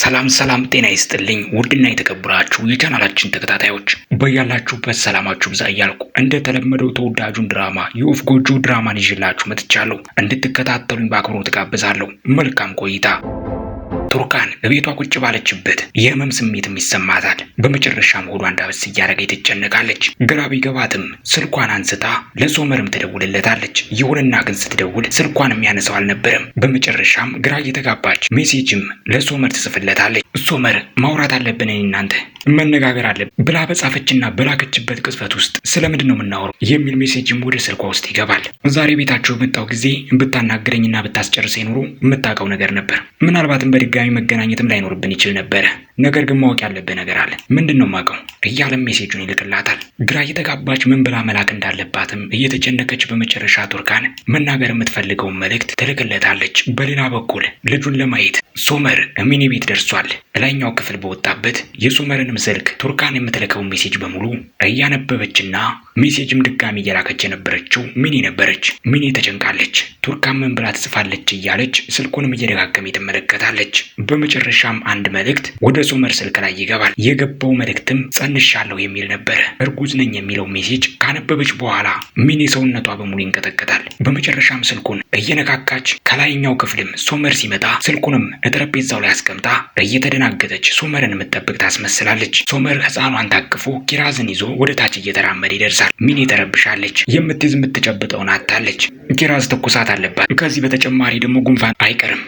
ሰላም ሰላም፣ ጤና ይስጥልኝ ውድና የተከበራችሁ የቻናላችን ተከታታዮች በያላችሁበት ሰላማችሁ ብዛ እያልኩ እንደተለመደው ተወዳጁን ድራማ የወፍ ጎጆ ድራማን ይዤላችሁ መጥቻለሁ። እንድትከታተሉኝ በአክብሮት ጋብዛለሁ። መልካም ቆይታ ቱርካን በቤቷ ቁጭ ባለችበት የህመም ስሜትም ይሰማታል። በመጨረሻም ሆዷ እንዳበስ እያደረገ ትጨነቃለች። ግራ ቢገባትም ስልኳን አንስታ ለሶመርም ትደውልለታለች። ይሁንና ግን ስትደውል ስልኳን የሚያነሳው አልነበረም። በመጨረሻም ግራ እየተጋባች ሜሴጅም ለሶመር ትጽፍለታለች። ሶመር ማውራት አለብን እናንተ መነጋገር አለብን ብላ በጻፈችና በላከችበት ቅጽበት ውስጥ ስለምንድን ነው የምናወራው የሚል ሜሴጅም ወደ ስልኳ ውስጥ ይገባል። ዛሬ ቤታቸው በመጣው ጊዜ ብታናገረኝና ብታስጨርሰኝ ኑሮ የምታውቀው ነገር ነበር ምናልባትም በድጋ ድጋሚ መገናኘትም ላይኖርብን ይችል ነበረ። ነገር ግን ማወቅ ያለብህ ነገር አለ። ምንድን ነው ማቀው? እያለም ሜሴጁን ይልክላታል። ግራ እየተጋባች ምን ብላ መላክ እንዳለባትም እየተጨነቀች በመጨረሻ ቱርካን መናገር የምትፈልገውን መልእክት ትልክለታለች። በሌላ በኩል ልጁን ለማየት ሶመር ሚኒ ቤት ደርሷል። ላይኛው ክፍል በወጣበት የሶመርንም ስልክ ቱርካን የምትልከውን ሜሴጅ በሙሉ እያነበበችና ሜሴጅም ድጋሚ እየላከች የነበረችው ሚኒ ነበረች። ሚኒ ተጨንቃለች። ቱርካን ምን ብላ ትጽፋለች እያለች ስልኩንም እየደጋገመ ትመለከታለች። በመጨረሻም አንድ መልእክት ወደ ሶመር ስልክ ላይ ይገባል። የገባው መልእክትም ጸንሻለሁ የሚል ነበረ። እርጉዝ ነኝ የሚለው ሜሴጅ ካነበበች በኋላ ሚኒ ሰውነቷ በሙሉ ይንቀጠቀጣል። በመጨረሻም ስልኩን እየነካካች ከላይኛው ክፍልም ሶመር ሲመጣ ስልኩንም ጠረጴዛው ላይ አስቀምጣ እየተደናገጠች ሶመርን የምትጠብቅ ታስመስላለች። ሶመር ህፃኗን ታቅፎ ኪራዝን ይዞ ወደ ታች እየተራመደ ይደርሳል። ምን ይጠረብሻለች? የምትይዝ የምትጨብጠውን አታለች። ኪራዝ ትኩሳት አለባት። ከዚህ በተጨማሪ ደግሞ ጉንፋን አይቀርም።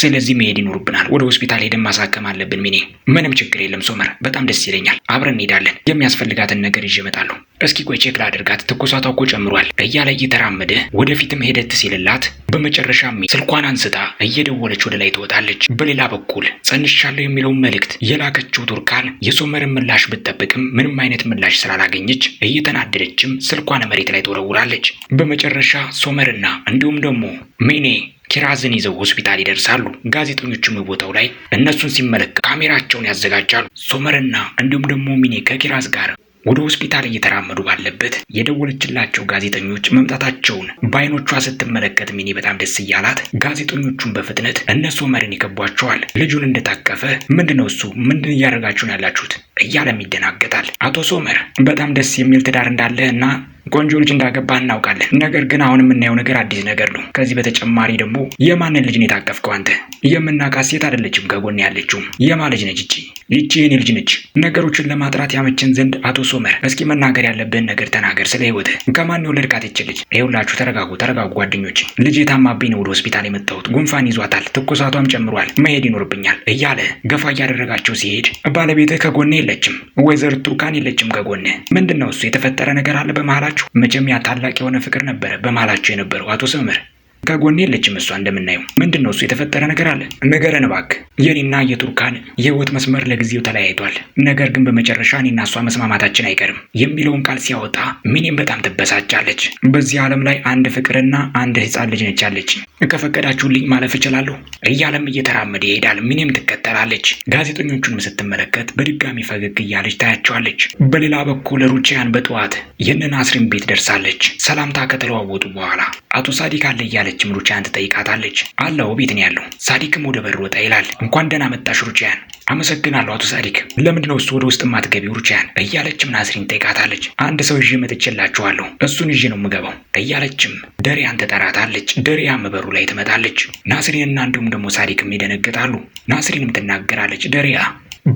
ስለዚህ መሄድ ይኖርብናል። ወደ ሆስፒታል ሄደን ማሳከም አለብን። ሚኔ ምንም ችግር የለም ሶመር፣ በጣም ደስ ይለኛል። አብረን እንሄዳለን። የሚያስፈልጋትን ነገር ይዤ እመጣለሁ። እስኪ ቆይ ቼክ ላድርጋት፣ ትኩሳቷ እኮ ጨምሯል እያለ እየተራመደ ወደፊትም ሄደት ሲልላት፣ በመጨረሻ ስልኳን አንስታ እየደወለች ወደ ላይ ትወጣለች። በሌላ በኩል ጸንሻለሁ የሚለውን መልእክት የላከችው ቱርካን የሶመርን ምላሽ ብትጠብቅም ምንም አይነት ምላሽ ስላላገኘች እየተናደደችም ስልኳን መሬት ላይ ትወረውራለች። በመጨረሻ ሶመርና እንዲሁም ደግሞ ሚኔ ኪራዝን ይዘው ሆስፒታል ይደርሳሉ። ጋዜጠኞቹም ቦታው ላይ እነሱን ሲመለከት ካሜራቸውን ያዘጋጃሉ። ሶመርና እንዲሁም ደግሞ ሚኔ ከኪራዝ ጋር ወደ ሆስፒታል እየተራመዱ ባለበት የደወለችላቸው ጋዜጠኞች መምጣታቸውን በአይኖቿ ስትመለከት ሚኔ በጣም ደስ እያላት ጋዜጠኞቹን በፍጥነት እነ ሶመርን ይከቧቸዋል። ልጁን እንደታቀፈ ምንድነው እሱ ምንድን እያደረጋችሁን ያላችሁት እያለም ይደናገጣል። አቶ ሶመር በጣም ደስ የሚል ትዳር እንዳለ እና ቆንጆ ልጅ እንዳገባ እናውቃለን። ነገር ግን አሁን የምናየው ነገር አዲስ ነገር ነው። ከዚህ በተጨማሪ ደግሞ የማንን ልጅ ነው የታቀፍከው አንተ? የምናውቃት ሴት አይደለችም ከጎን ያለችው። የማ ልጅ ነች እጭ ይቺ የኔ ልጅ ነች። ነገሮችን ለማጥራት ያመችን ዘንድ አቶ ሶመር፣ እስኪ መናገር ያለብህን ነገር ተናገር። ስለ ህይወት ከማን የወለድካት ይቺ ልጅ? ይኸውላችሁ ተረጋጉ፣ ተረጋጉ ጓደኞች። ልጅ የታማብኝ ነው ወደ ሆስፒታል የመጣሁት። ጉንፋን ይዟታል፣ ትኩሳቷም ጨምሯል። መሄድ ይኖርብኛል እያለ ገፋ እያደረጋቸው ሲሄድ ባለቤትህ ከጎን የለችም፣ ወይዘሪት ቱርካን የለችም ከጎን ምንድን ነው እሱ? የተፈጠረ ነገር አለ በመሀላችሁ ናችሁ። መጀመሪያ ታላቅ የሆነ ፍቅር ነበረ በማላቸው የነበረው አቶ ሰመረ ከጎን የለችም እሷ እንደምናየው። ምንድን ነው እሱ? የተፈጠረ ነገር አለ? ንገረን እባክህ። የኔና የቱርካን የህይወት መስመር ለጊዜው ተለያይቷል። ነገር ግን በመጨረሻ እኔና እሷ መስማማታችን አይቀርም የሚለውን ቃል ሲያወጣ ሚኔም በጣም ትበሳጫለች። በዚህ ዓለም ላይ አንድ ፍቅርና አንድ ህፃን ልጅ ነች ያለች። ከፈቀዳችሁልኝ ማለፍ እችላለሁ እያለም እየተራመደ ይሄዳል። ሚኔም ትከተላለች። ጋዜጠኞቹንም ስትመለከት በድጋሚ ፈገግ እያለች ታያቸዋለች። በሌላ በኩል ሩቺያን በጠዋት የእነ ናስሪን ቤት ደርሳለች። ሰላምታ ከተለዋወጡ በኋላ አቶ ሳዲክ አለ እያለ እያለችም ሩቺያን ትጠይቃታለች። አለው ቤት ነው ያለው። ሳዲክም ወደ በር ወጣ ይላል። እንኳን ደህና መጣሽ ሩቺያን። አመሰግናለሁ አቶ ሳዲክ። ለምንድን ነው እሱ ወደ ውስጥ የማትገቢው ሩቺያን? እያለችም ናስሪን ትጠይቃታለች። አንድ ሰው ይዤ መጥቼላችኋለሁ፣ እሱን ይዤ ነው የምገባው እያለችም ደሪያን ትጠራታለች። ደሪያም በሩ ላይ ትመጣለች። ናስሪንና እንዲሁም ደግሞ ሳዲክም ይደነግጣሉ። ናስሪንም ትናገራለች ደሪያ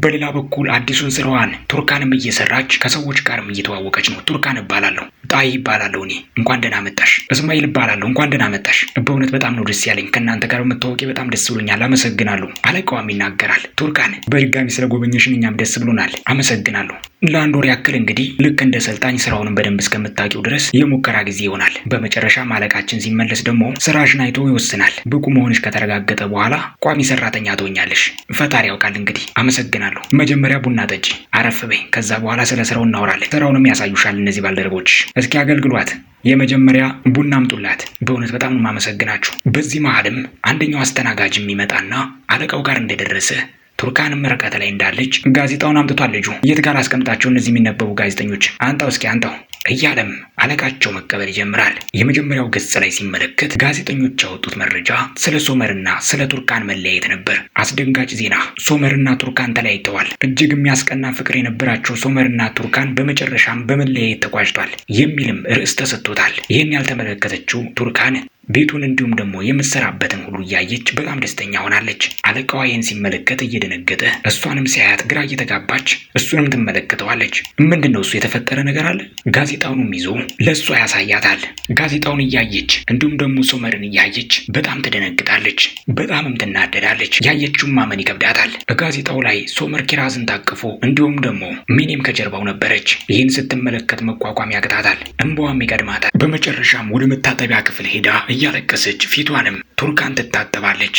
በሌላ በኩል አዲሱን ስራዋን ቱርካንም እየሰራች ከሰዎች ጋርም እየተዋወቀች ነው። ቱርካን እባላለሁ። ጣይ ይባላለሁ እኔ። እንኳን ደህና መጣሽ። እስማኤል ይባላለሁ። እንኳን ደህና መጣሽ። በእውነት በጣም ነው ደስ ያለኝ። ከእናንተ ጋር መታወቂ በጣም ደስ ብሎኛል። አመሰግናለሁ። አለቃዋም ይናገራል። ቱርካን በድጋሚ ስለጎበኘሽን እኛም ደስ ብሎናል። አመሰግናለሁ። ለአንድ ወር ያክል እንግዲህ ልክ እንደ ሰልጣኝ ስራውንም በደንብ እስከምታውቂው ድረስ የሙከራ ጊዜ ይሆናል። በመጨረሻ አለቃችን ሲመለስ ደግሞ ስራሽን አይቶ ይወስናል። ብቁ መሆንሽ ከተረጋገጠ በኋላ ቋሚ ሰራተኛ ትሆኛለሽ። ፈጣሪ ያውቃል እንግዲህ። አመሰግናለሁ። መጀመሪያ ቡና ጠጪ፣ አረፍ በይ። ከዛ በኋላ ስለ ስራው እናወራለን። ስራውንም ያሳዩሻል እነዚህ ባልደረቦች። እስኪ አገልግሏት የመጀመሪያ ቡና አምጡላት። በእውነት በጣም ማመሰግናችሁ። በዚህ መሀልም አንደኛው አስተናጋጅ የሚመጣና አለቃው ጋር እንደደረሰ ቱርካንም ርቀት ላይ እንዳለች ጋዜጣውን አምጥቷል። ልጁ የት ጋር አስቀምጣቸው እነዚህ የሚነበቡ ጋዜጠኞች? አንጣው እስኪ አንጣው እያለም አለቃቸው መቀበል ይጀምራል። የመጀመሪያው ገጽ ላይ ሲመለከት ጋዜጠኞች ያወጡት መረጃ ስለ ሶመርና ስለ ቱርካን መለያየት ነበር። አስደንጋጭ ዜና! ሶመርና ቱርካን ተለያይተዋል። እጅግ የሚያስቀና ፍቅር የነበራቸው ሶመርና ቱርካን በመጨረሻም በመለያየት ተቋጭቷል የሚልም ርዕስ ተሰጥቶታል። ይህን ያልተመለከተችው ቱርካን ቤቱን እንዲሁም ደግሞ የምትሰራበትን ሁሉ እያየች በጣም ደስተኛ ሆናለች። አለቃዋ ይህን ሲመለከት እየደነገጠ እሷንም ሲያያት ግራ እየተጋባች እሱንም ትመለከተዋለች። ምንድን ነው እሱ የተፈጠረ ነገር አለ? ጋዜጣውንም ይዞ ለእሷ ያሳያታል። ጋዜጣውን እያየች እንዲሁም ደግሞ ሶመርን እያየች በጣም ትደነግጣለች፣ በጣምም ትናደዳለች። ያየችውን ማመን ይከብዳታል። ጋዜጣው ላይ ሶመር ኪራዝን ታቅፎ እንዲሁም ደግሞ ሚኒም ከጀርባው ነበረች። ይህን ስትመለከት መቋቋም ያቅታታል፣ እንባዋም ይቀድማታል። በመጨረሻም ወደ መታጠቢያ ክፍል ሄዳ እያለቀሰች ፊቷንም ቱርካን ትታጠባለች።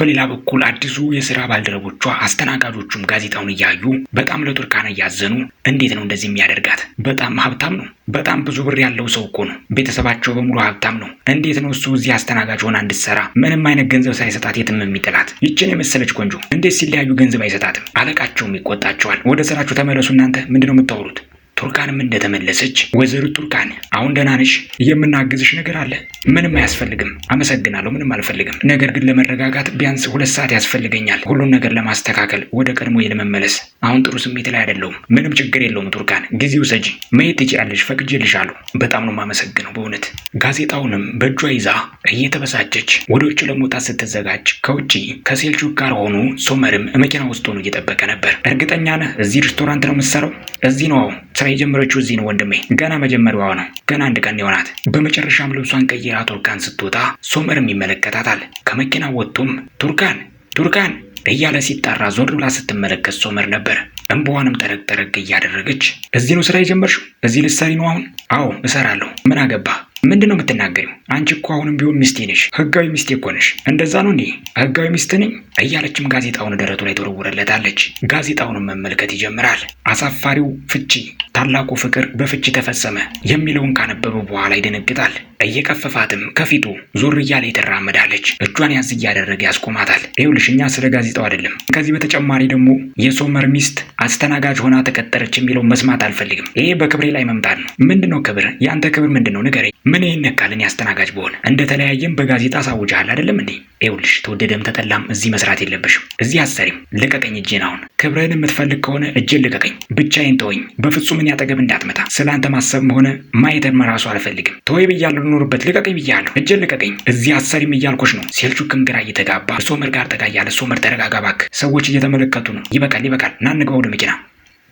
በሌላ በኩል አዲሱ የስራ ባልደረቦቿ አስተናጋጆቹም ጋዜጣውን እያዩ በጣም ለቱርካን እያዘኑ እንዴት ነው እንደዚህ የሚያደርጋት? በጣም ሀብታም ነው። በጣም ብዙ ብር ያለው ሰው እኮ ነው። ቤተሰባቸው በሙሉ ሀብታም ነው። እንዴት ነው እሱ እዚህ አስተናጋጅ ሆና እንድትሰራ ምንም አይነት ገንዘብ ሳይሰጣት የትም የሚጥላት? ይችን የመሰለች ቆንጆ እንዴት ሲለያዩ ገንዘብ አይሰጣትም? አለቃቸውም ይቆጣቸዋል። ወደ ስራችሁ ተመለሱ እናንተ ምንድነው የምታወሩት? ቱርካንም እንደተመለሰች ወይዘሮ ቱርካን አሁን ደህና ነሽ? የምናግዝሽ ነገር አለ? ምንም አያስፈልግም፣ አመሰግናለሁ። ምንም አልፈልግም። ነገር ግን ለመረጋጋት ቢያንስ ሁለት ሰዓት ያስፈልገኛል፣ ሁሉን ነገር ለማስተካከል ወደ ቀድሞ ለመመለስ። አሁን ጥሩ ስሜት ላይ አይደለሁም። ምንም ችግር የለውም ቱርካን፣ ጊዜው ሰጂ መሄድ ትችያለሽ፣ ፈቅጄልሻለሁ። በጣም ነው የማመሰግነው በእውነት። ጋዜጣውንም በእጇ ይዛ እየተበሳጨች ወደ ውጭ ለመውጣት ስትዘጋጅ ከውጭ ከሴልቹክ ጋር ሆኑ ሶመርም መኪና ውስጥ ሆኖ እየጠበቀ ነበር። እርግጠኛ ነህ እዚህ ሬስቶራንት ነው የምትሰራው? እዚህ ነው ስራ የጀመረችው። እዚህ ነው ወንድሜ፣ ገና መጀመሪያዋ ነው። ገና አንድ ቀን ይሆናት። በመጨረሻም ልብሷን ቀይራ ቱርካን ስትወጣ ሶመርም ይመለከታታል። ከመኪና ወጥቶም ቱርካን ቱርካን እያለ ሲጣራ ዞር ብላ ስትመለከት ሶመር ነበር። እንባዋንም ጠረግ እያደረገች እዚህ ነው ስራ የጀመርሽው? እዚህ ልትሰሪ ነው አሁን? አዎ እሰራለሁ። ምን አገባ ምንድን ነው የምትናገሪው? አንቺ እኮ አሁንም ቢሆን ሚስቴ ነሽ። ህጋዊ ሚስቴ እኮ ነሽ። እንደዛ ነው እንዴ? ህጋዊ ሚስት ነኝ እያለችም ጋዜጣውን ደረቱ ላይ ተወረወረለታለች። ጋዜጣውንም መመልከት ይጀምራል። አሳፋሪው ፍቺ፣ ታላቁ ፍቅር በፍቺ ተፈጸመ የሚለውን ካነበበ በኋላ ይደነግጣል። እየቀፈፋትም ከፊቱ ዞር እያለ ትራመዳለች። እጇን ያዝ እያደረገ ያስቆማታል። ይኸውልሽ እኛ ስለ ጋዜጣው አይደለም። ከዚህ በተጨማሪ ደግሞ የሶመር ሚስት አስተናጋጅ ሆና ተቀጠረች የሚለውን መስማት አልፈልግም። ይሄ በክብሬ ላይ መምጣት ነው። ምንድነው ክብር? የአንተ ክብር ምንድን ነው ንገረኝ። ምን ይህን ያካልን ያስተናጋጅ በሆነ እንደተለያየም በጋዜጣ ሳውጃል አይደለም እንዴ? ይኸውልሽ ተወደደም ተጠላም እዚህ መስራት የለብሽም። እዚህ አሰሪም ልቀቀኝ፣ እጄን አሁን። ክብርህን የምትፈልግ ከሆነ እጄን ልቀቀኝ፣ ብቻዬን ተወኝ። በፍጹምን ያጠገብ እንዳትመጣ። ስላንተ ማሰብም ሆነ ማየትን መራሱ አልፈልግም። ተወይ ብያለሁ፣ ልኖርበት። ልቀቀኝ ብያለሁ፣ እጄን ልቀቀኝ። እዚህ አሰሪም እያልኩሽ ነው። ሴልቹክም ግራ እየተጋባ ሶመር ጋር ጠጋ ሶመር ተረጋጋ እባክህ፣ ሰዎች እየተመለከቱ ነው። ይበቃል፣ ይበቃል። ና እንግባ ወደ መኪና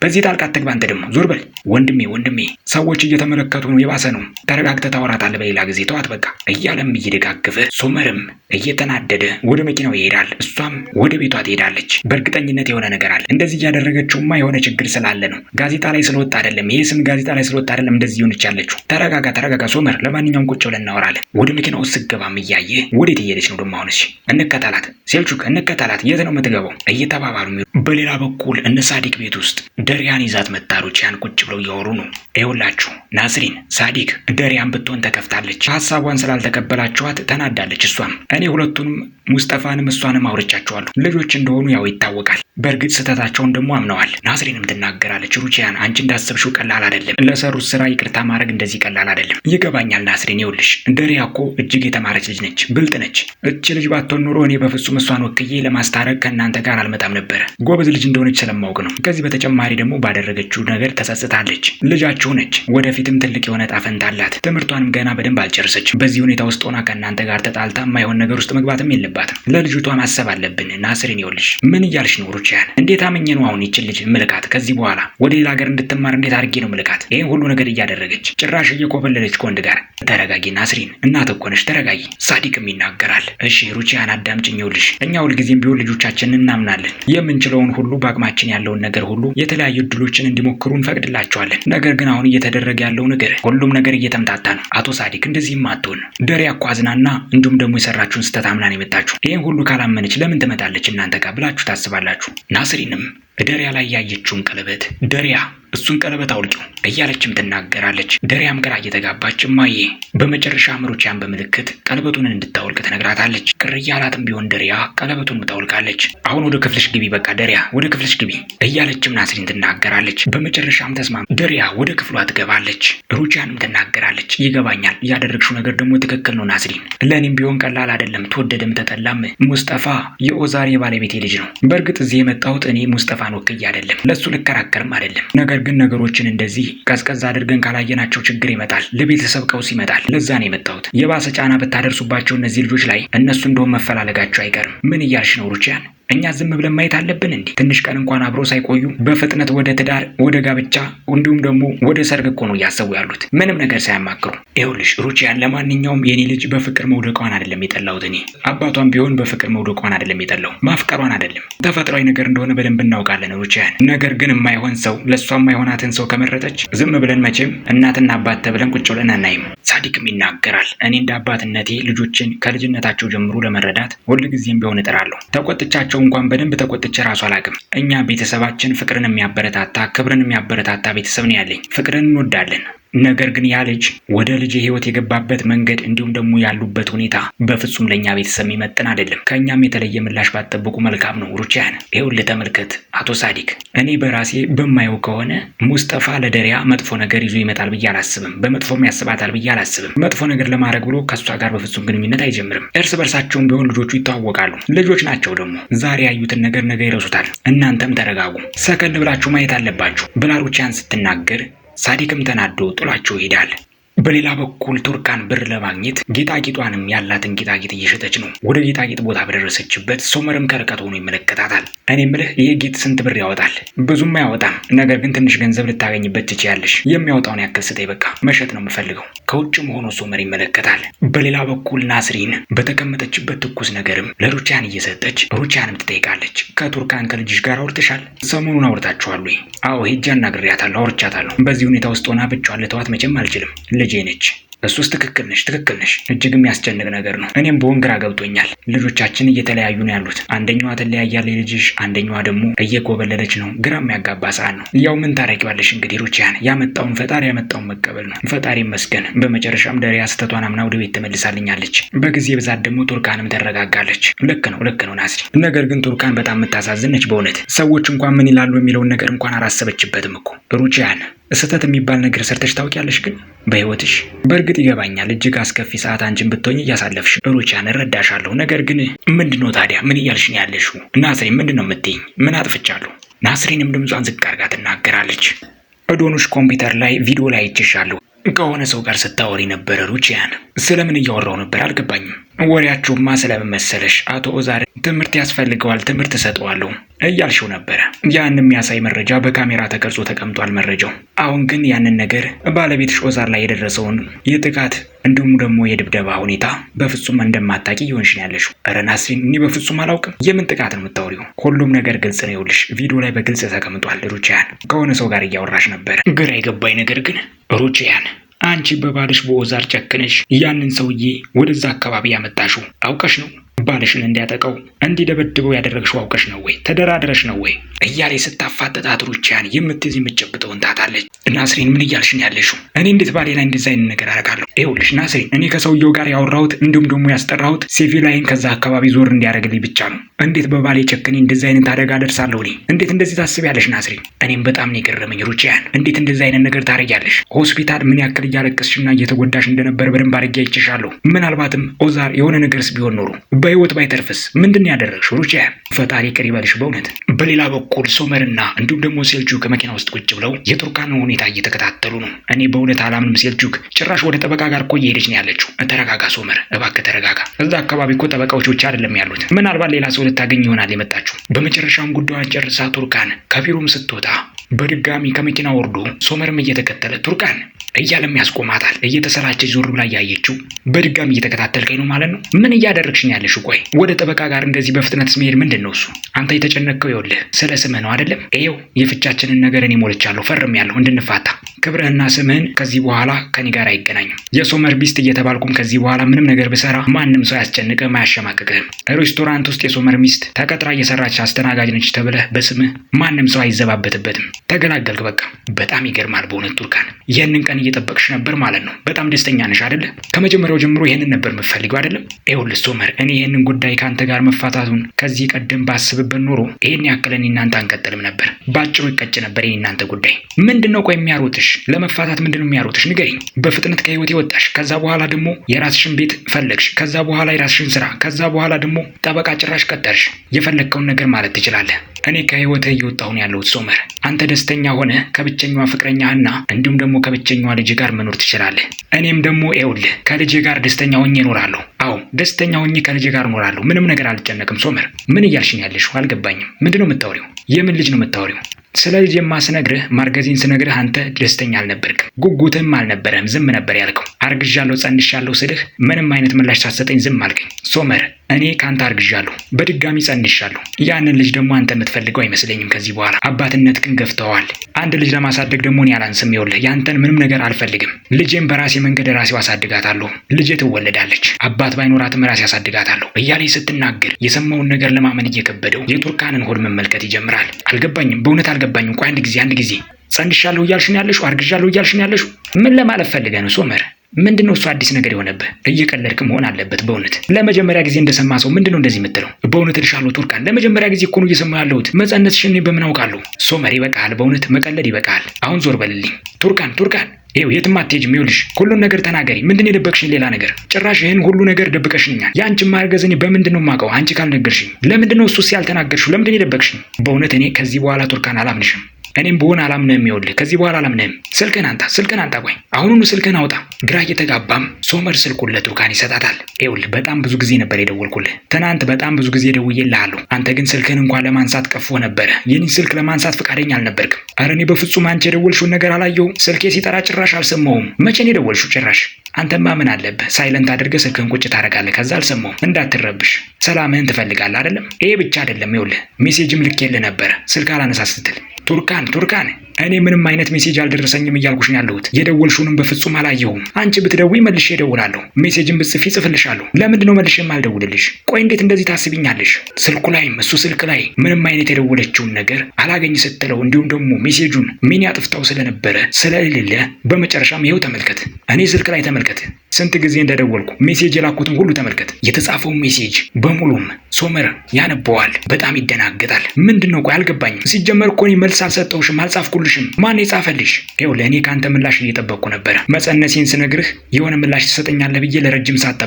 በዚህ ጣልቃ አትግባ። አንተ ደግሞ ዞር በል ወንድሜ፣ ወንድሜ ሰዎች እየተመለከቱ ነው። የባሰ ነው። ተረጋግተህ ታወራታለህ በሌላ ጊዜ ተዋት በቃ እያለም እየደጋገፈ ሶመርም እየተናደደ ወደ መኪናው ይሄዳል። እሷም ወደ ቤቷ ትሄዳለች። በእርግጠኝነት የሆነ ነገር አለ። እንደዚህ እያደረገችውማ የሆነ ችግር ስላለ ነው። ጋዜጣ ላይ ስለወጣ አይደለም፣ ይሄ ስም ጋዜጣ ላይ ስለወጣ አይደለም እንደዚህ ሆነች ያለችው። ተረጋጋ፣ ተረጋጋ ሶመር። ለማንኛውም ቁጭ ብለን እናወራለን። ወደ መኪናው ስገባም እያየ ወዴት እየሄደች ነው ደሞ አሁንስ? እንከተላት ሴልቹክ፣ እንከተላት። የት ነው የምትገባው? እየተባባሉ በሌላ በኩል እነ ቤት ውስጥ ደሪያን ይዛት መጣ። ሩቺያን ቁጭ ብለው እያወሩ ነው። ይኸውላችሁ ናስሪን ሳዲክ ደሪያን ብትሆን ተከፍታለች። ሀሳቧን ስላልተቀበላችኋት ተናዳለች። እሷም እኔ ሁለቱንም ሙስጠፋንም እሷንም አውርቻችኋለሁ። ልጆች እንደሆኑ ያው ይታወቃል። በእርግጥ ስህተታቸውን ደግሞ አምነዋል። ናስሪንም ትናገራለች። ሩቺያን አንቺ እንዳሰብሽው ቀላል አይደለም። ለሰሩት ስራ ይቅርታ ማድረግ እንደዚህ ቀላል አይደለም። ይገባኛል ናስሪን። ይኸውልሽ ደሪያ እኮ እጅግ የተማረች ልጅ ነች፣ ብልጥ ነች። እች ልጅ ባትሆን ኑሮ እኔ በፍጹም እሷን ወክዬ ለማስታረቅ ከእናንተ ጋር አልመጣም ነበረ። ጎበዝ ልጅ እንደሆነች ስለማወቅ ነው። ከዚህ በተጨማሪ ደግሞ ባደረገችው ነገር ተጸጽታለች። ልጃችሁ ነች ወደፊት ወደፊትም ትልቅ የሆነ ዕጣ አላት። ትምህርቷንም ገና በደንብ አልጨረሰችም። በዚህ ሁኔታ ውስጥ ሆና ከእናንተ ጋር ተጣልታ የማይሆን ነገር ውስጥ መግባትም የለባትም። ለልጅቷ ማሰብ አለብን። ናስሪን ይኸውልሽ፣ ምን እያልሽ ነው ሩችያን? እንዴት አመኘ ነው አሁን ይችን ልጅ ምልካት? ከዚህ በኋላ ወደ ሌላ ሀገር እንድትማር እንዴት አድርጌ ነው ምልካት? ይህን ሁሉ ነገር እያደረገች ጭራሽ እየኮበለለች ከወንድ ጋር። ተረጋጊ ናስሪን፣ እናት እኮ ነሽ፣ ተረጋጊ። ሳዲቅም ይናገራል። እሺ ሩቺያን አዳምጪኝ፣ ይኸውልሽ እኛ ሁልጊዜም ቢሆን ልጆቻችን እናምናለን። የምንችለውን ሁሉ በአቅማችን ያለውን ነገር ሁሉ የተለያዩ እድሎችን እንዲሞክሩ እንፈቅድላቸዋለን። ነገር ግን አሁን እየተደረገ ያለው ነገር ሁሉም ነገር እየተምታታ ነው። አቶ ሳዲቅ እንደዚህም አትሆን ደሬ አኳዝናና እንዲሁም ደግሞ የሰራችሁን ስህተት አምናን የመጣችሁ ይህን ሁሉ ካላመነች ለምን ትመጣለች እናንተ ጋር ብላችሁ ታስባላችሁ? ናስሪንም በደሪያ ላይ ያየችውን ቀለበት ደሪያ እሱን ቀለበት አውልቂው እያለችም ትናገራለች። ደሪያም ግራ እየተጋባች እማዬ፣ በመጨረሻ ምሩቻያን በምልክት ቀለበቱን እንድታወልቅ ትነግራታለች። ቅር እያላትም ቢሆን ደሪያ ቀለበቱን ታወልቃለች። አሁን ወደ ክፍልሽ ግቢ፣ በቃ ደሪያ ወደ ክፍልሽ ግቢ እያለችም ናስሪን ትናገራለች። በመጨረሻም ተስማም ደሪያ ወደ ክፍሏ ትገባለች። ሩቻያንም ትናገራለች። ይገባኛል፣ ያደረግሽው ነገር ደግሞ ትክክል ነው ናስሪን። ለእኔም ቢሆን ቀላል አይደለም፣ ተወደደም ተጠላም ሙስጠፋ የኦዛር የባለቤቴ ልጅ ነው። በእርግጥ እዚህ የመጣሁት እኔ ሙስጠፋ ሀሳቧን ወክዬ አይደለም፣ ለሱ ልከራከርም አይደለም። ነገር ግን ነገሮችን እንደዚህ ቀዝቀዝ አድርገን ካላየናቸው ችግር ይመጣል፣ ለቤተሰብ ቀውስ ይመጣል። ለዛ ነው የመጣሁት። የባሰ ጫና ብታደርሱባቸው እነዚህ ልጆች ላይ እነሱ እንደውም መፈላለጋቸው አይቀርም። ምን እያልሽ ነው ሩቺያን? እኛ ዝም ብለን ማየት አለብን እንዴ? ትንሽ ቀን እንኳን አብሮ ሳይቆዩ በፍጥነት ወደ ትዳር፣ ወደ ጋብቻ እንዲሁም ደግሞ ወደ ሰርግ እኮ ነው እያሰቡ ያሉት ምንም ነገር ሳያማክሩ። ይኸውልሽ ሩቺያን ለማንኛውም የኔ ልጅ በፍቅር መውደቋን አይደለም የጠላሁት እኔ አባቷን ቢሆን በፍቅር መውደቋን አይደለም የጠላው ማፍቀሯን አይደለም። ተፈጥሯዊ ነገር እንደሆነ በደንብ እናውቃለን ሩቺያን። ነገር ግን የማይሆን ሰው ለእሷ የማይሆናትን ሰው ከመረጠች ዝም ብለን መቼም እናትና አባት ተብለን ቁጭ ብለን አናይም። ሳዲቅም ይናገራል። እኔ እንደ አባትነቴ ልጆችን ከልጅነታቸው ጀምሮ ለመረዳት ሁልጊዜም ቢሆን እጥራለሁ ተቆጥቻቸው በመሆናቸው እንኳን በደንብ ተቆጥቼ ራሱ አላቅም። እኛ ቤተሰባችን ፍቅርን የሚያበረታታ ክብርን የሚያበረታታ ቤተሰብ ነው ያለኝ። ፍቅርን እንወዳለን። ነገር ግን ያ ልጅ ወደ ልጅ ህይወት የገባበት መንገድ እንዲሁም ደግሞ ያሉበት ሁኔታ በፍጹም ለእኛ ቤተሰብ የሚመጥን አይደለም። ከእኛም የተለየ ምላሽ ባትጠብቁ መልካም ነው። ሩቻያን ይኸውልህ ተመልከት፣ አቶ ሳዲቅ፣ እኔ በራሴ በማየው ከሆነ ሙስጠፋ ለደሪያ መጥፎ ነገር ይዞ ይመጣል ብዬ አላስብም። በመጥፎም ያስባታል ብዬ አላስብም። መጥፎ ነገር ለማድረግ ብሎ ከእሷ ጋር በፍጹም ግንኙነት አይጀምርም። እርስ በርሳቸውም ቢሆን ልጆቹ ይተዋወቃሉ። ልጆች ናቸው ደግሞ ዛሬ ያዩትን ነገር ነገ ይረሱታል። እናንተም ተረጋጉ፣ ሰከን ብላችሁ ማየት አለባችሁ ብላ ሩቻያን ስትናገር ሳዲቅም ተናዶ ጥሏቸው ይሄዳል። በሌላ በኩል ቱርካን ብር ለማግኘት ጌጣጌጧንም ያላትን ጌጣጌጥ እየሸጠች ነው። ወደ ጌጣጌጥ ቦታ በደረሰችበት ሶመርም ከርቀት ሆኖ ይመለከታታል። እኔ ምልህ ይህ ጌጥ ስንት ብር ያወጣል? ብዙም አያወጣም፣ ነገር ግን ትንሽ ገንዘብ ልታገኝበት ትችያለሽ። የሚያወጣውን ያክል ስጠኝ፣ በቃ መሸጥ ነው የምፈልገው። ከውጭም ሆኖ ሶመር ይመለከታል። በሌላ በኩል ናስሪን በተቀመጠችበት ትኩስ ነገርም ለሩቻን እየሰጠች ሩቻንም ትጠይቃለች። ከቱርካን ከልጅሽ ጋር አውርተሻል? ሰሞኑን አውርታችኋሉ? አዎ ሄጄ አናግሬያታለሁ፣ አውርቻታለሁ። በዚህ ሁኔታ ውስጥ ሆና ብቻዋን ልተዋት መቼም አልችልም። Virginia. እሱስ ትክክል ነሽ፣ ትክክል ነሽ። እጅግ የሚያስጨንቅ ነገር ነው። እኔም በሆን ግራ ገብቶኛል። ልጆቻችን እየተለያዩ ነው ያሉት። አንደኛዋ ትለያያለች ልጅሽ፣ አንደኛዋ ደግሞ እየጎበለለች ነው። ግራ የሚያጋባ ሰዓት ነው። ያው ምን ታረቂዋለሽ እንግዲህ ሩቺያን፣ ያመጣውን ፈጣሪ ያመጣውን መቀበል ነው። ፈጣሪ ይመስገን። በመጨረሻም ደሪያ ስህተቷን አምና ወደ ቤት ትመልሳልኛለች። በጊዜ ብዛት ደግሞ ቱርካንም ተረጋጋለች። ልክ ነው፣ ልክ ነው ናስሪ። ነገር ግን ቱርካን በጣም የምታሳዝነች በእውነት ሰዎች እንኳን ምን ይላሉ የሚለውን ነገር እንኳን አላሰበችበትም እኮ ሩቺያን። ስህተት የሚባል ነገር ሰርተሽ ታውቂያለሽ ግን በህይወትሽ በእርግ በእርግጥ ይገባኛል እጅግ አስከፊ ሰዓት አንቺን ብትሆኝ እያሳለፍሽ ሩቻን እረዳሻለሁ። ነገር ግን ምንድን ነው ታዲያ ምን እያልሽን ያለሽው? ናስሬን ምንድን ነው የምትይኝ? ምን አጥፍቻለሁ? ናስሬንም ድምጿን ዝቅ አድርጋ ትናገራለች። እዶኑሽ ኮምፒውተር ላይ ቪዲዮ ላይ አይቼሻለሁ ከሆነ ሰው ጋር ስታወሪ ነበረ ሩቺያን። ስለምን እያወራው ነበር አልገባኝም። ወሬያችሁማ ስለምን መሰለሽ አቶ ኦዛር ትምህርት ያስፈልገዋል፣ ትምህርት እሰጠዋለሁ እያልሽው ነበረ። ያን የሚያሳይ መረጃ በካሜራ ተቀርጾ ተቀምጧል መረጃው። አሁን ግን ያንን ነገር ባለቤትሽ ኦዛር ላይ የደረሰውን የጥቃት እንዲሁም ደግሞ የድብደባ ሁኔታ በፍጹም እንደማታቂ ይሆንሽን ያለሽ። ኧረ ናስሪን እኔ በፍጹም አላውቅም። የምን ጥቃት ነው የምታወሪው? ሁሉም ነገር ግልጽ ነው። ይኸውልሽ ቪዲዮ ላይ በግልጽ ተቀምጧል። ሩቺያን ከሆነ ሰው ጋር እያወራሽ ነበር። ግራ የገባኝ ነገር ግን ሩቺያን አንቺ በባልሽ በኦዛር ጨክነሽ ያንን ሰውዬ ወደዛ አካባቢ ያመጣሽው አውቀሽ ነው ባልሽን እንዲያጠቀው እንዲደበድበው ያደረግሽው አውቀሽ ነው ወይ? ተደራድረሽ ነው ወይ? እያሌ ስታፋጠጣት ሩቺያን የምትይዝ የምትጨብጠውን ታጣለች። ናስሪን ምን እያልሽን ያለሽው? እኔ እንዴት ባሌ ላይ እንደዛ አይነት ነገር አደርጋለሁ? ይኸውልሽ ናስሪን፣ እኔ ከሰውየው ጋር ያወራሁት እንዲሁም ደግሞ ያስጠራሁት ላይን ከዛ አካባቢ ዞር እንዲያደርግልኝ ብቻ ነው። እንዴት በባሌ ቸክኔ እንደዚ አይነት አደጋ ደርሳለሁ? እኔ እንዴት እንደዚህ ታስቢያለሽ ናስሪን? እኔም በጣም ነው የገረመኝ ሩቺያን፣ እንዴት እንደዚህ አይነት ነገር ታደርጊያለሽ? ሆስፒታል ምን ያክል እያለቀስሽና እየተጎዳሽ እንደነበር በደንብ አድርጌ አይቼሻለሁ። ምናልባትም ኦዛር የሆነ ነገርስ ቢሆን ኖሮ ህይወት ባይተርፍስ ምንድን ያደረግሽው? ሩቼ ፈጣሪ ቅር ይበልሽ በእውነት። በሌላ በኩል ሶመርና እንዲሁም ደግሞ ሴልጁክ መኪና ውስጥ ቁጭ ብለው የቱርካን ሁኔታ እየተከታተሉ ነው። እኔ በእውነት አላምንም ሴልጁክ፣ ጭራሽ ወደ ጠበቃ ጋር እኮ እየሄደች ነው ያለችው። ተረጋጋ ሶመር እባክህ ተረጋጋ። እዛ አካባቢ እኮ ጠበቃዎች ብቻ አይደለም ያሉት፣ ምናልባት ሌላ ሰው ልታገኝ ይሆናል የመጣችው። በመጨረሻም ጉዳዩን ጨርሳ ቱርካን ከቢሮም ስትወጣ በድጋሚ ከመኪና ወርዶ ሶመርም እየተከተለ ቱርካን እያለም ያስቆማታል። እየተሰላቸች ዞር ብላ ያየችው በድጋሚ እየተከታተልከኝ ነው ማለት ነው? ምን እያደረግሽኝ ያለሽው? ቆይ ወደ ጠበቃ ጋር እንደዚህ በፍጥነት መሄድ ምንድን ነው እሱ? አንተ የተጨነቅከው ይኸውልህ ስለ ስምህ ነው አይደለም? ይኸው የፍቻችንን ነገር እኔ ሞልቻለሁ፣ ፈርም ያለሁ እንድንፋታ ክብርህና ስምህን ከዚህ በኋላ ከኔ ጋር አይገናኝም። የሶመር ቢስት እየተባልኩም ከዚህ በኋላ ምንም ነገር ብሰራ ማንም ሰው አያስጨንቅም፣ አያሸማቅቅህም። ሬስቶራንት ውስጥ የሶመር ሚስት ተቀጥራ እየሰራች አስተናጋጅ ነች ተብለህ በስምህ ማንም ሰው አይዘባበትበትም። ተገላገልክ። በቃ በጣም ይገርማል በእውነት ቱርካን፣ ይህንን ቀን እየጠበቅሽ ነበር ማለት ነው። በጣም ደስተኛ ነሽ አይደለ? ከመጀመሪያው ጀምሮ ይህንን ነበር የምፈልገው አይደለም? ይኸውልህ ሶመር፣ እኔ ይህንን ጉዳይ ከአንተ ጋር መፋታቱን ከዚህ ቀደም ባስብበት ኖሮ ይህን ያክል እኔ እናንተ አንቀጥልም ነበር። በአጭሩ ይቀጭ ነበር እናንተ ጉዳይ። ምንድን ነው ቆይ የሚያሮጥሽ ለመፋታት ምንድን ነው የሚያሮጥሽ? ንገሪኝ። በፍጥነት ከህይወት የወጣሽ ከዛ በኋላ ደግሞ የራስሽን ቤት ፈለግሽ፣ ከዛ በኋላ የራስሽን ስራ፣ ከዛ በኋላ ደግሞ ጠበቃ ጭራሽ ቀጠርሽ። የፈለግከውን ነገር ማለት ትችላለህ። እኔ ከህይወት እየወጣሁ ነው ያለሁት ሶመር። አንተ ደስተኛ ሆነ ከብቸኛዋ ፍቅረኛህና እንዲሁም ደግሞ ከብቸኛዋ ልጅ ጋር መኖር ትችላለህ። እኔም ደግሞ ኤውል ከልጅ ጋር ደስተኛ ሆኜ እኖራለሁ። አዎ ደስተኛ ሆኜ ከልጅ ጋር እኖራለሁ። ምንም ነገር አልጨነቅም። ሶመር ምን እያልሽ ያለሽው? አልገባኝም። ምንድን ነው የምታወሪው? የምን ልጅ ነው የምታወሪው? ስለ ልጅ የማስነግርህ ማርገዜን ስነግርህ አንተ ደስተኛ አልነበርክም፣ ጉጉትም አልነበረም፣ ዝም ነበር ያልከው። አርግዣለሁ ጸንሻለሁ ስልህ ምንም አይነት ምላሽ ሳትሰጠኝ ዝም አልከኝ ሶመር እኔ ካንተ አርግዣለሁ፣ በድጋሚ ጸንሻለሁ። ያንን ልጅ ደግሞ አንተ የምትፈልገው አይመስለኝም። ከዚህ በኋላ አባትነት ግን ገፍተዋል። አንድ ልጅ ለማሳደግ ደግሞ እኔ አላንስም። ይኸውልህ ያንተን ምንም ነገር አልፈልግም። ልጄን በራሴ መንገድ ራሴው አሳድጋታለሁ። ልጄ ትወለዳለች፣ አባት ባይኖራትም ራሴ አሳድጋታለሁ እያለች ስትናገር የሰማውን ነገር ለማመን እየከበደው የቱርካንን ሆድ መመልከት ይጀምራል። አልገባኝም፣ በእውነት አልገባኝም። ቆይ አንድ ጊዜ አንድ ጊዜ ጸንሻለሁ እያልሽ ነው ያለሽው? አርግዣለሁ እያልሽ ነው ያለሽው? ምን ለማለት ፈልገ ነው ሶመር? ምንድን ነው እሱ አዲስ ነገር የሆነብህ? እየቀለድክ መሆን አለበት። በእውነት ለመጀመሪያ ጊዜ እንደሰማ ሰው ምንድን ነው እንደዚህ የምትለው? በእውነት እልሻለሁ ቱርካን፣ ለመጀመሪያ ጊዜ እኮ ነው እየሰማሁ ያለሁት። መጸነትሽን በምን አውቃለሁ? ሶመር፣ ይበቃል፣ በእውነት መቀለድ ይበቃል። አሁን ዞር በልልኝ። ቱርካን፣ ቱርካን ይኸው የትም አትሄጂም። ይኸውልሽ ሁሉን ነገር ተናገሪ። ምንድን ነው የደበቅሽኝ? ሌላ ነገር ጭራሽ ይህን ሁሉ ነገር ደብቀሽኛል። የአንቺ ማርገዝ እኔ በምንድን ነው የማውቀው? አንቺ ካልነገርሽኝ። ለምንድን ነው እሱስ ለምንድን ነው የደበቅሽኝ? በእውነት እኔ ከዚህ በኋላ ቱርካን አላምንሽም። እኔም ብሆን አላምነህም። ይኸውልህ ከዚህ በኋላ አላምነህም። ስልክህን አንጣ፣ ስልክህን አንጣ። ቆይ አሁኑኑ ስልክህን አውጣ። ግራ እየተጋባም ሶመር ስልኩን ለቱርካን ይሰጣታል። ይኸውልህ በጣም ብዙ ጊዜ ነበር የደወልኩልህ ትናንት፣ በጣም ብዙ ጊዜ ደውዬልሃለሁ። አንተ ግን ስልክህን እንኳን ለማንሳት ቀፎ ነበረ። የኔን ስልክ ለማንሳት ፈቃደኛ አልነበርክም። አረ እኔ በፍጹም አንቺ የደወልሽውን ነገር አላየሁም። ስልኬ ሲጠራ ጭራሽ አልሰማሁም። መቼ ነው የደወልሽው? ጭራሽ አንተማ ምን አለብህ? ሳይለንት አድርገህ ስልክህን ቁጭ ታደርጋለህ። ከዛ አልሰማሁም እንዳትረብሽ። ሰላምህን ትፈልጋለህ አይደለም? ይሄ ብቻ አይደለም። ይኸውልህ ሜሴጅም ልኬልህ ነበረ ስልክ አላነሳ ስትል Turkan, Turkan. እኔ ምንም አይነት ሜሴጅ አልደረሰኝም እያልኩሽ ነው ያለሁት። የደወልሽውንም በፍጹም አላየሁም። አንቺ ብትደውይ መልሼ እደውላለሁ። ሜሴጅን ብትጽፊ ጽፍልሻለሁ። ለምንድን ነው መልሼ የማልደውልልሽ? ቆይ እንዴት እንደዚህ ታስቢኛለሽ? ስልኩ ላይም እሱ ስልክ ላይ ምንም አይነት የደወለችውን ነገር አላገኝ ስትለው እንዲሁም ደግሞ ሜሴጁን ምን ያጥፍታው ስለነበረ ስለሌለ በመጨረሻም ይኸው ተመልከት። እኔ ስልክ ላይ ተመልከት፣ ስንት ጊዜ እንደደወልኩ ሜሴጅ የላኩትን ሁሉ ተመልከት። የተጻፈው ሜሴጅ በሙሉም ሶመር ያነበዋል። በጣም ይደናገጣል። ምንድን ነው ቆይ አልገባኝም። ሲጀመር እኮ እኔ መልስ አልሰጠውሽም አልጻፍኩልሽ አልነግርሽም። ማን የጻፈልሽ? ይኸው ለእኔ ከአንተ ምላሽ እየጠበቅኩ ነበረ። መጸነሴን ስነግርህ የሆነ ምላሽ ትሰጠኛለህ ብዬ ለረጅም ሰዓት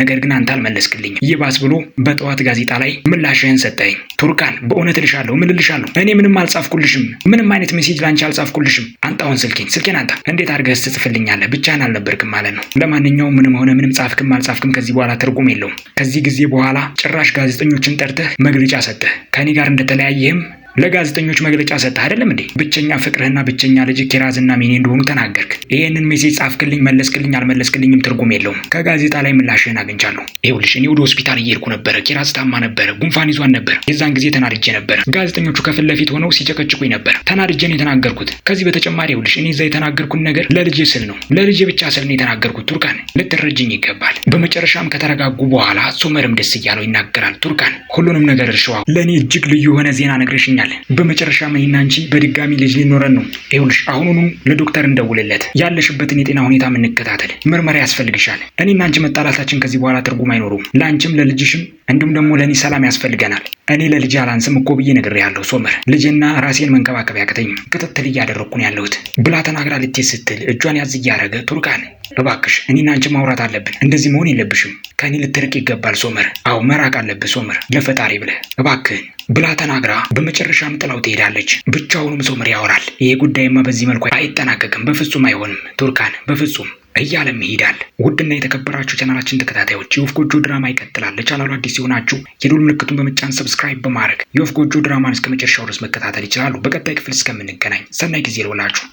ነገር ግን አንተ አልመለስክልኝም። ይባስ ብሎ በጠዋት ጋዜጣ ላይ ምላሽህን ሰጠኝ። ቱርካን፣ በእውነት ልሻለሁ፣ ምን ልሻለሁ? እኔ ምንም አልጻፍኩልሽም። ምንም አይነት ሜሴጅ ላንቺ አልጻፍኩልሽም። አንተ አሁን ስልኬን ስልኬን አንተ እንዴት አድርገህስ ትጽፍልኛለህ? ብቻህን አልነበርክም ማለት ነው። ለማንኛውም ምንም ሆነ ምንም ጻፍክም አልጻፍክም ከዚህ በኋላ ትርጉም የለውም። ከዚህ ጊዜ በኋላ ጭራሽ ጋዜጠኞችን ጠርተህ መግለጫ ሰጠህ። ከእኔ ጋር እንደተለያየህም ለጋዜጠኞች መግለጫ ሰጠህ አይደለም እንዴ? ብቸኛ ፍቅርህና ብቸኛ ልጅ ኪራዝና ሚኔ እንደሆኑ ተናገርክ። ይህንን ሜሴጅ ጻፍክልኝ፣ መለስክልኝ፣ አልመለስክልኝም ትርጉም የለውም። ከጋዜጣ ላይ ምላሽህን አግኝቻለሁ። ይኸውልሽ እኔ ወደ ሆስፒታል እየሄድኩ ነበረ። ኪራዝ ታማ ነበረ፣ ጉንፋን ይዟን ነበር። የዛን ጊዜ ተናድጄ ነበር ጋዜጠኞቹ ከፊት ለፊት ሆነው ሲጨቀጭቁኝ ነበር። ተናድጄ ነው የተናገርኩት። ከዚህ በተጨማሪ ይኸውልሽ እኔ እዛ የተናገርኩት ነገር ለልጄ ስል ነው፣ ለልጄ ብቻ ስል ነው የተናገርኩት። ቱርካን ልትረጅኝ ይገባል። በመጨረሻም ከተረጋጉ በኋላ ሶመርም ደስ እያለው ይናገራል። ቱርካን ሁሉንም ነገር እርሸዋ። ለእኔ እጅግ ልዩ የሆነ ዜና ነግረሽኛል ትገኛለን። በመጨረሻ እኔና አንቺ በድጋሚ ልጅ ሊኖረን ነው። ይኸውልሽ አሁኑኑ ለዶክተር እንደውልለት፣ ያለሽበትን የጤና ሁኔታ እንከታተል፣ ምርመራ ያስፈልግሻል። እኔና አንቺ መጣላታችን ከዚህ በኋላ ትርጉም አይኖሩም። ለአንቺም ለልጅሽም እንዲሁም ደግሞ ለእኔ ሰላም ያስፈልገናል። እኔ ለልጅ አላንስም እኮ ብዬ ነግሬሃለሁ ሶመር፣ ልጅና ራሴን መንከባከብ ያቅተኝም ክትትል እያደረግኩ ነው ያለሁት ብላ ተናግራ ልትሄድ ስትል እጇን ያዝ እያደረገ ቱርካን እባክሽ እኔና አንቺ ማውራት አለብን። እንደዚህ መሆን የለብሽም። ከእኔ ልትርቅ ይገባል ሶመር። አዎ መራቅ አለብህ ሶመር፣ ለፈጣሪ ብለህ እባክህን ብላ ተናግራ በመጨረሻም ጥላው ትሄዳለች። ብቻውንም ሶመር ያወራል። ይሄ ጉዳይማ በዚህ መልኩ አይጠናቀቅም፣ በፍጹም አይሆንም ቱርካን፣ በፍጹም እያለም ይሄዳል። ውድና የተከበራችሁ ቻናላችን ተከታታዮች የወፍ ጎጆ ድራማ ይቀጥላል። ለቻናሉ አዲስ ሲሆናችሁ የዶል ምልክቱን በመጫን ሰብስክራይብ በማድረግ የወፍ ጎጆ ድራማን እስከ መጨረሻው ድረስ መከታተል ይችላሉ። በቀጣይ ክፍል እስከምንገናኝ ሰናይ ጊዜ ልውላችሁ።